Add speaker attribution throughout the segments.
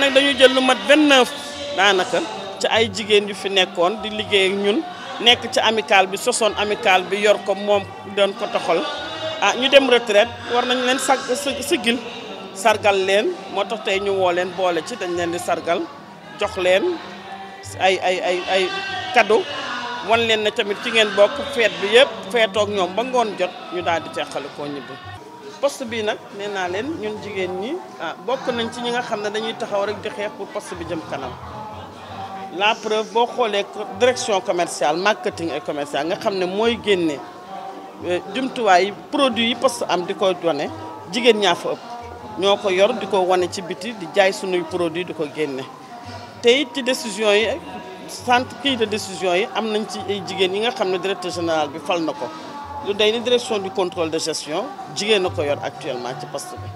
Speaker 1: nag dañu jël lu mat 29 daanaka ci ay jigéen yu fi nekkoon di liggéeyak ñun nekk ci amical bi sosoon amical bi yor ko moom doon ko toxal ah ñu dem retraite war nañ leen sag sigil sargal leen moo tax tey ñu woo leen boole ci dañ leen di sargal jox leen ay ay ay ay cadeau wan leen ne tamit ci ngeen bokk feet bi yëpp feetoog ñoom ba ngoon jot ñu daal di teqali koo ñibbi poste bi nag nee naa leen ñun jigéen ñi ah bokk nañ ci ñi nga xam ne dañuy taxaw rek di xeex pour poste bi jëm kanam la preuve boo xoolee direction commerciale marketing ay commercial nga xam ne mooy génne euh, jumtuwaay produit yi poste am di ko wane jigéen ñaa fa ëpp ñoo ko yor di ko wane ci biti di jaay sunuy produit di ko génne te it ci décision yi centre kii de décision yi am nañ ci ay jigéen yi nga xam ne directeur général bi fal na ko lu direction du contrôle de gestion jigen na ko yor actuellement ci poste bi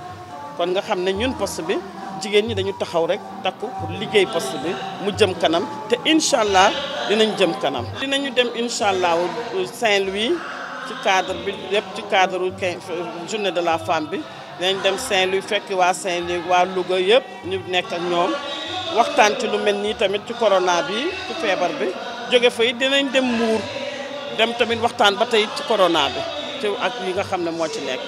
Speaker 1: kon nga xam ñun poste bi jigen ñi dañu taxaw rek takku pour liggéey poste bi mu jëm kanam te inshallah allah dinañ jëm kanam. dinañu dem inshallah allah Saint-Louis ci cadre bi lépp ci cadre journée de la femme bi dinañ dem Saint-Louis fekk wa Saint-Louis waa Louga yëpp ñu nekk ak ñom waxtaan ci lu melni tamit ci corona bi ci fièvre bi jóge fa it dinañ dem Mbour. dem tamit waxtaan ba tey ci corona bi te ak yi nga xam ne moo ci nekk.